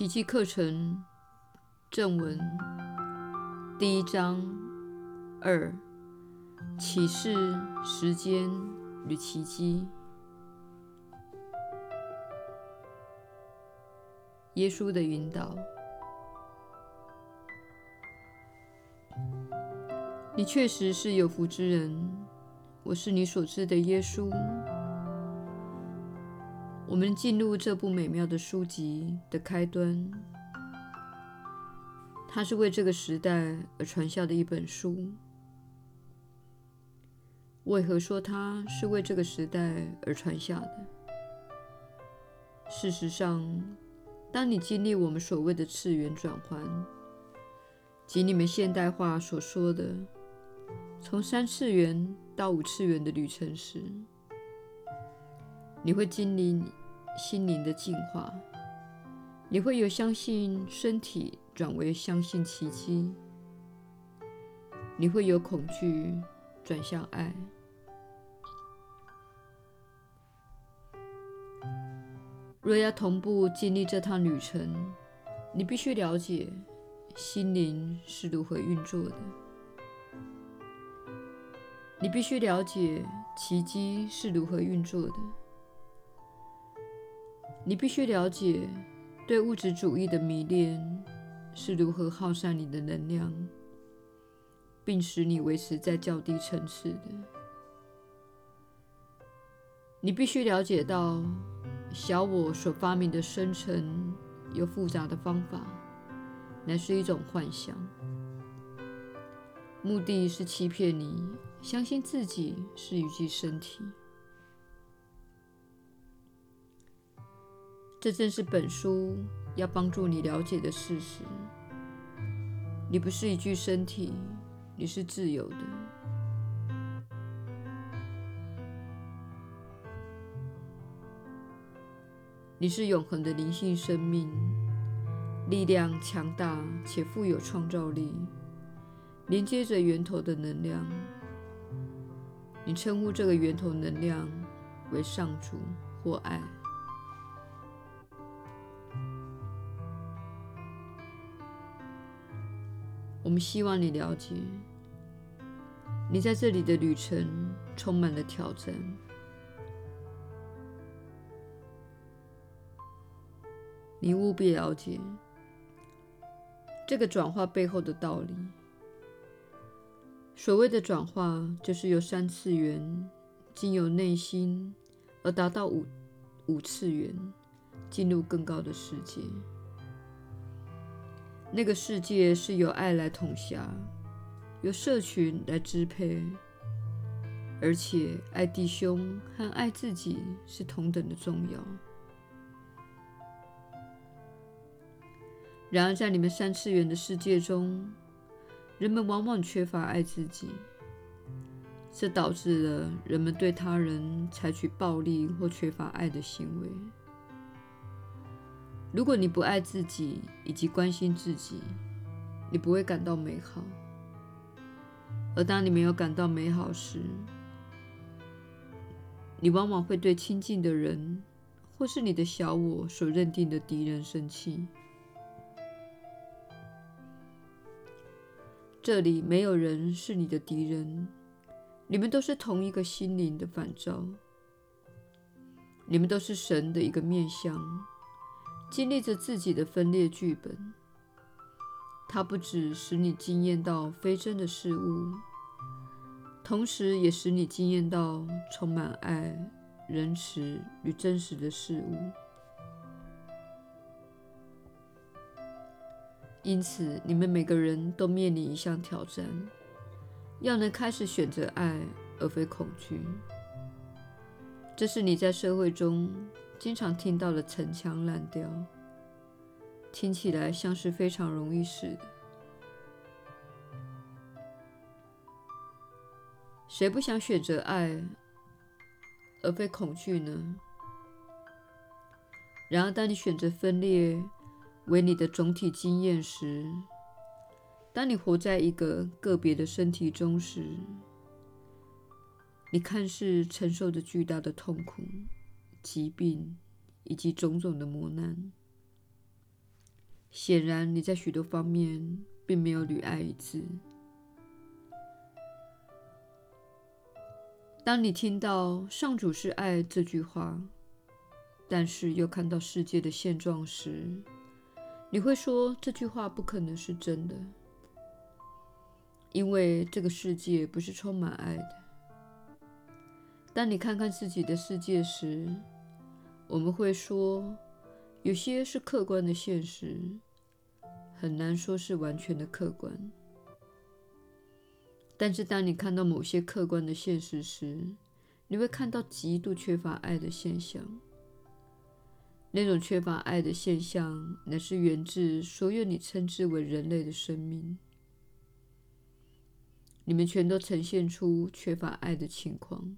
奇蹟課程正文第一章二、啟示、時間與奇蹟。耶穌的引導。你確實是有福之人，我是你所知的耶穌。我們進入這部美妙的書籍的開端，它是為這個時代而傳下的一本書。為何說它是為這個時代而傳下的？事實上，當你經歷我們所謂的次元轉換，即你們現代話所說的從三次元到五次元的旅程時，你會經歷你。心靈的進化，你會由相信身體轉為相信奇蹟；你會由恐懼轉向愛。若要同步經歷這趟旅程，你必須了解心靈是如何運作的，你必須了解奇蹟是如何運作的。你必須了解，對物質主義的迷戀是如何耗散你的能量，並使你維持在較低層次的。你必須了解到，小我所發明的深層又複雜的方法，乃是一種幻相，目的是欺騙你，相信自己是一具身體。這正是本書要幫助你了解的事實：你不是一具身體，你是自由的；你是永恆的靈性生命，力量強大且富有創造力，連接着源頭的能量。你稱呼這個源頭能量為上主或愛。我們希望你了解，你在這裡的旅程充滿了挑戰。你務必了解這個轉化背後的道理。所謂的轉化，就是由三次元經由內心，而達到五五次元，進入更高的世界。那個世界是由愛來統轄，由社群來支配，而且愛弟兄和愛自己是同等的重要。然而，在你們三次元的世界中，人們往往缺乏愛自己，這導致了人們對他人採取暴力或缺乏愛的行為。如果你不愛自己以及關心自己，你不會感到美好。而當你沒有感到美好時，你往往會對親近的人或是你的小我所認定的敵人生氣。這裡沒有人是你的敵人，你們都是同一個心靈的反照，你們都是神的一個面向。經歷着自己的分裂劇本，它不只使你經驗到非真的事物，同時也使你經驗到充滿愛、仁慈與真實的事物。因此，你們每個人都面臨一項挑戰，要能開始選擇愛而非恐懼。這是你在社會中，經常聽到的陳腔濫調，聽起來像是非常容易似的。誰不想選擇愛而非恐懼呢？然而，當你選擇分裂為你的總體經驗時，當你活在一個個別的身體中時，你看似承受着巨大的痛苦。疾病、以及種種的磨難，顯然你在許多方面並沒有與愛一致。當你聽到“上主是愛”這句話，但是又看到世界的現狀時，你會說這句話不可能是真的，因為這個世界不是充滿愛的。當你看看自己的世界時，我們會說，有些是客觀的現實，很難說是完全的客觀。但是，當你看到某些客觀的現實時，你會看到極度缺乏愛的現象。那種缺乏愛的現象，乃是源自所有你稱之為人類的生命。你們全都呈現出缺乏愛的情況。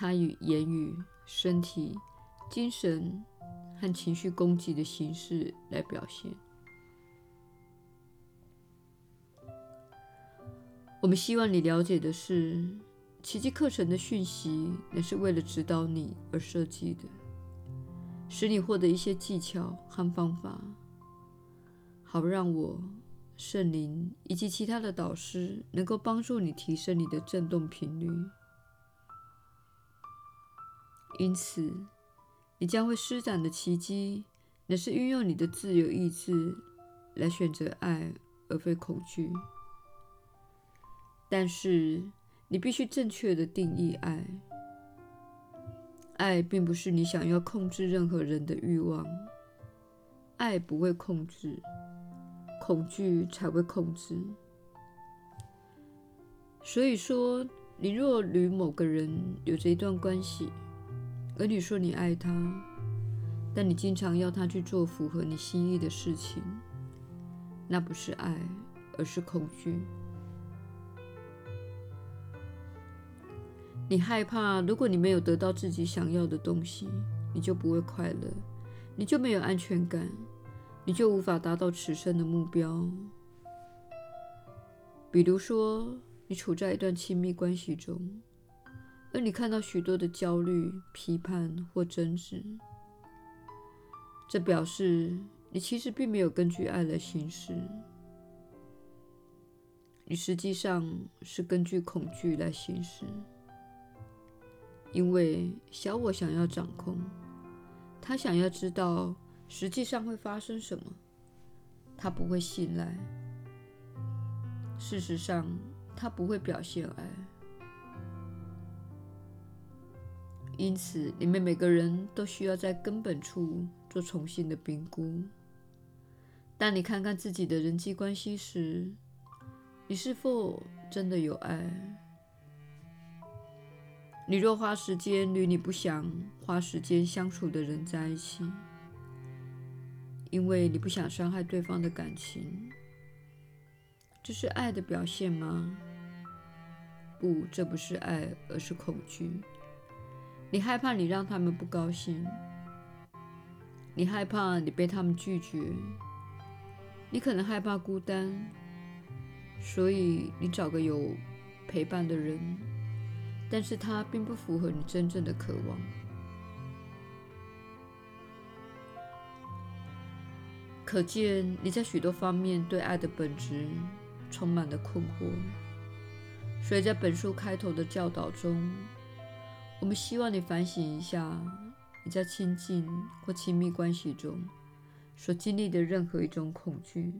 它以言語、身體、精神和情緒攻擊的形式來表現。我們希望你了解的是，奇蹟課程的訊息乃是為了指導你而設計的，使你獲得一些技巧和方法，好讓我、聖靈以及其他的導師能夠幫助你提升你的振動頻率。因此，你將會施展的奇蹟，乃是運用你的自由意志來選擇愛，而非恐懼。但是，你必須正確的定義愛。愛並不是你想要控制任何人的欲望，愛不會控制，恐懼才會控制。所以說，你若與某個人有着一段關係，而你說你愛他，但你經常要他去做符合你心意的事情，那不是愛，而是恐懼。你害怕，如果你沒有得到自己想要的東西，你就不會快樂，你就沒有安全感，你就無法達到此生的目標。比如說，你處在一段親密關係中。而你看到許多的焦慮、批判或爭執，這表示你其實並沒有根據愛來行事，你實際上是根據恐懼來行事。因為小我想要掌控，他想要知道實際上會發生什麼，他不會信賴。事實上，他不會表現愛。因此，你們每個人都需要在根本處做重新的評估。當你看看自己的人際關係時，你是否真的有愛？你若花時間與你不想花時間相處的人在一起，因為你不想傷害對方的感情，這是愛的表現嗎？不，這不是愛，而是恐懼。你害怕你讓他們不高興，你害怕你被他們拒絕，你可能害怕孤單，所以你找個有陪伴的人，但是他並不符合你真正的渴望。可見你在許多方面對愛的本質充滿了困惑，所以在本書開頭的教導中。我們希望你反省一下你在親近或親密關係中所經歷的任何一種恐懼，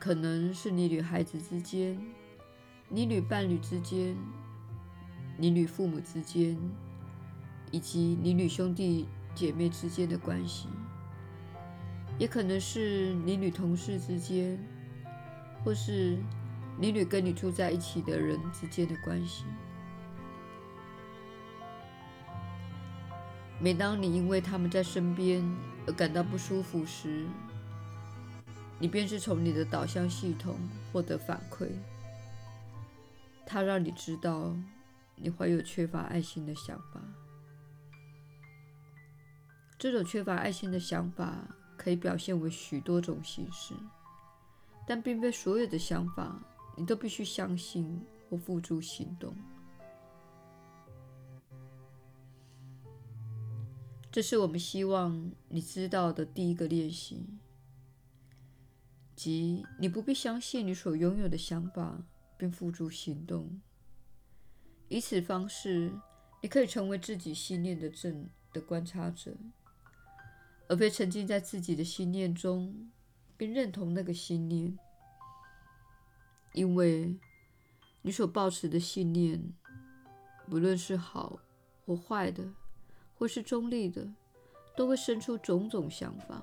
可能是你與孩子之間、你與伴侶之間、你與父母之間，以及你與兄弟姐妹之間的關係，也可能是你與同事之間，或是你與跟你住在一起的人之間的關係。每當你因為他們在身邊而感到不舒服時，你便是從你的導向系統獲得反饋。它讓你知道你懷有缺乏愛心的想法。這種缺乏愛心的想法可以表現為許多種形式，但並非所有的想法你都必須相信或付諸行動。這是我們希望你知道的第一個練習，即你不必相信你所擁有的想法，並付諸行動。以此方式，你可以成為自己心念的正的觀察者，而非沉浸在自己的心念中，並認同那個心念。因為你所抱持的信念，不論是好或壞的。或是中立的，都會生出種種想法，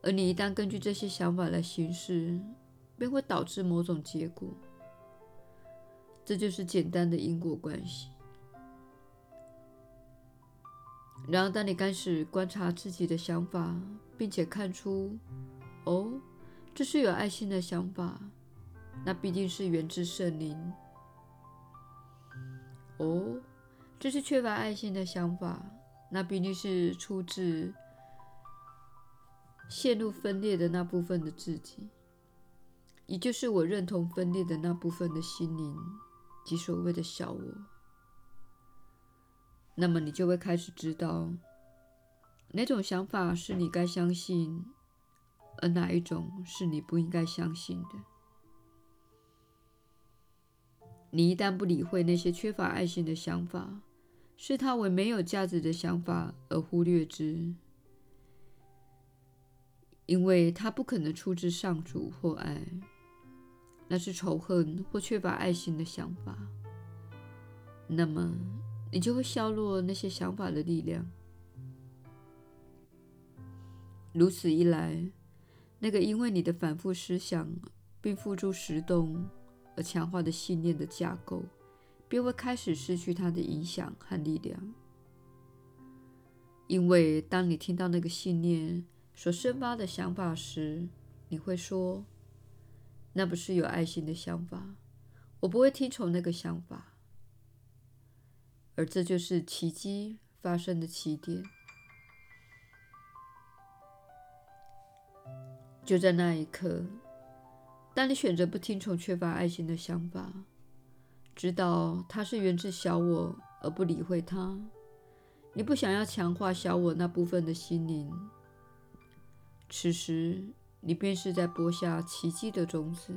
而你一旦根據這些想法來行事，便會導致某種結果。這就是簡單的因果關係。然而，當你開始觀察自己的想法，並且看出“哦，這是有愛心的想法”，那必定是源自聖靈。哦。這是缺乏愛心的想法，那必定是出自陷入分裂的那部分的自己，也就是我認同分裂的那部分的心靈，即所謂的小我。那麼你就會開始知道，哪種想法是你該相信，而哪一種是你不應該相信的。你一旦不理會那些缺乏愛心的想法，視它為沒有價值的想法而忽略之，因為它不可能出自上主或愛，那是仇恨或缺乏愛心的想法。那麼，你就會削弱那些想法的力量。如此一來，那個因為你的反覆思想並付諸行動而強化的信念的架構。便會開始失去它的影響和力量，因為當你聽到那個信念所生發的想法時，你會說：“那不是有愛心的想法，我不會聽從那個想法。”而這就是奇蹟發生的起點。就在那一刻，當你選擇不聽從缺乏愛心的想法。知道它是源自小我而不理會它，你不想要強化小我那部分的心靈。此時，你便是在播下奇蹟的種子。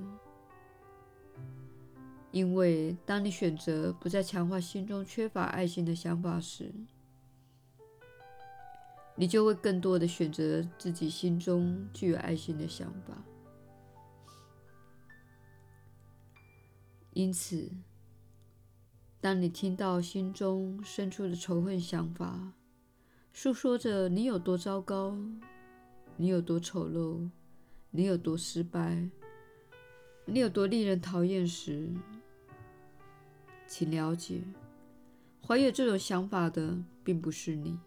因為當你選擇不再強化心中缺乏愛心的想法時，你就會更多的選擇自己心中具有愛心的想法。因此，當你聽到心中深處的仇恨想法，訴說着你有多糟糕，你有多醜陋，你有多失敗，你有多令人討厭時，請了解，懷有這種想法的並不是你，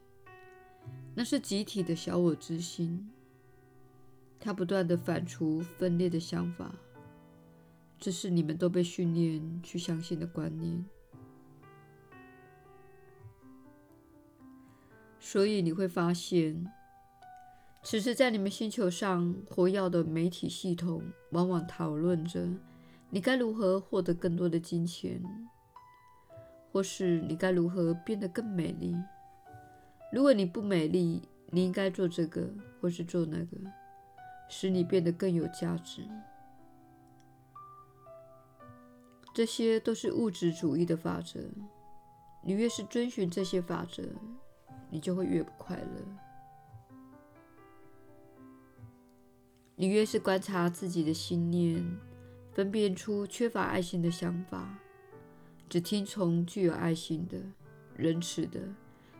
那是集體的小我之心，它不斷的反芻分裂的想法，這是你們都被訓練去相信的觀念。所以你會發現，此時在你們星球上活躍的媒體系統，往往討論着你該如何獲得更多的金錢，或是你該如何變得更美麗。如果你不美麗，你應該做這個，或是做那個，使你變得更有價值。這些都是物質主義的法則，你越是遵循這些法則，你就會越不快樂。你越是觀察自己的心念，分辨出缺乏愛心的想法，只聽從具有愛心的、仁慈的，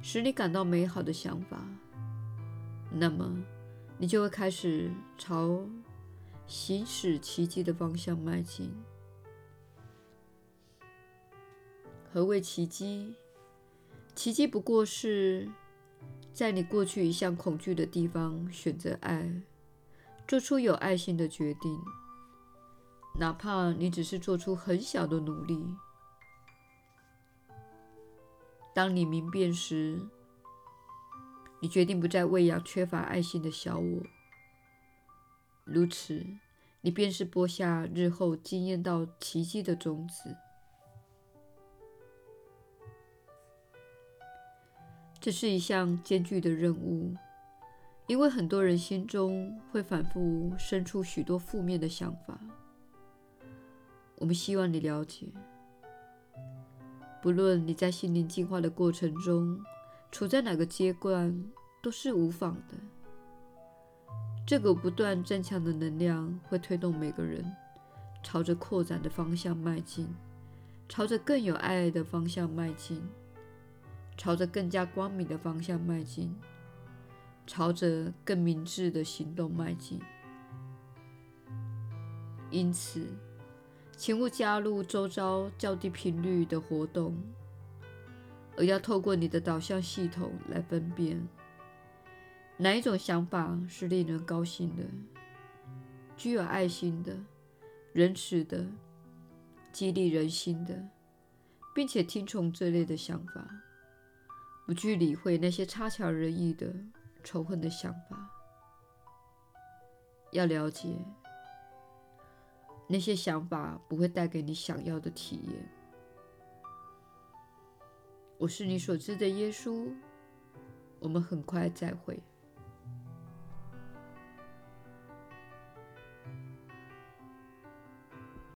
使你感到美好的想法，那麼你就會開始朝行使奇蹟的方向邁進。何謂奇蹟？奇蹟不過是在你過去一向恐懼的地方選擇愛，做出有愛心的決定，哪怕你只是做出很小的努力。當你明辨時，你決定不再餵養缺乏愛心的小我。如此，你便是播下日後經驗到奇蹟的種子。這是一項艱巨的任務，因為很多人心中會反覆生出許多負面的想法。我們希望你了解，不論你在心靈進化的過程中處在哪個階段，都是無妨的。這個不斷增強的能量會推動每個人朝着擴展的方向邁進，朝着更有愛的方向邁進。朝着更加光明的方向邁進，朝着更明智的行動邁進。因此，請勿加入周遭較低頻率的活動，而要透過你的導向系統來分辨，哪一種想法是令人高興的、具有愛心的、仁慈的、激勵人心的，並且聽從這類的想法。不去理會那些差強人意的仇恨的想法，要了解，那些想法不會帶給你想要的體驗。我是你所知的耶穌，我們很快再會。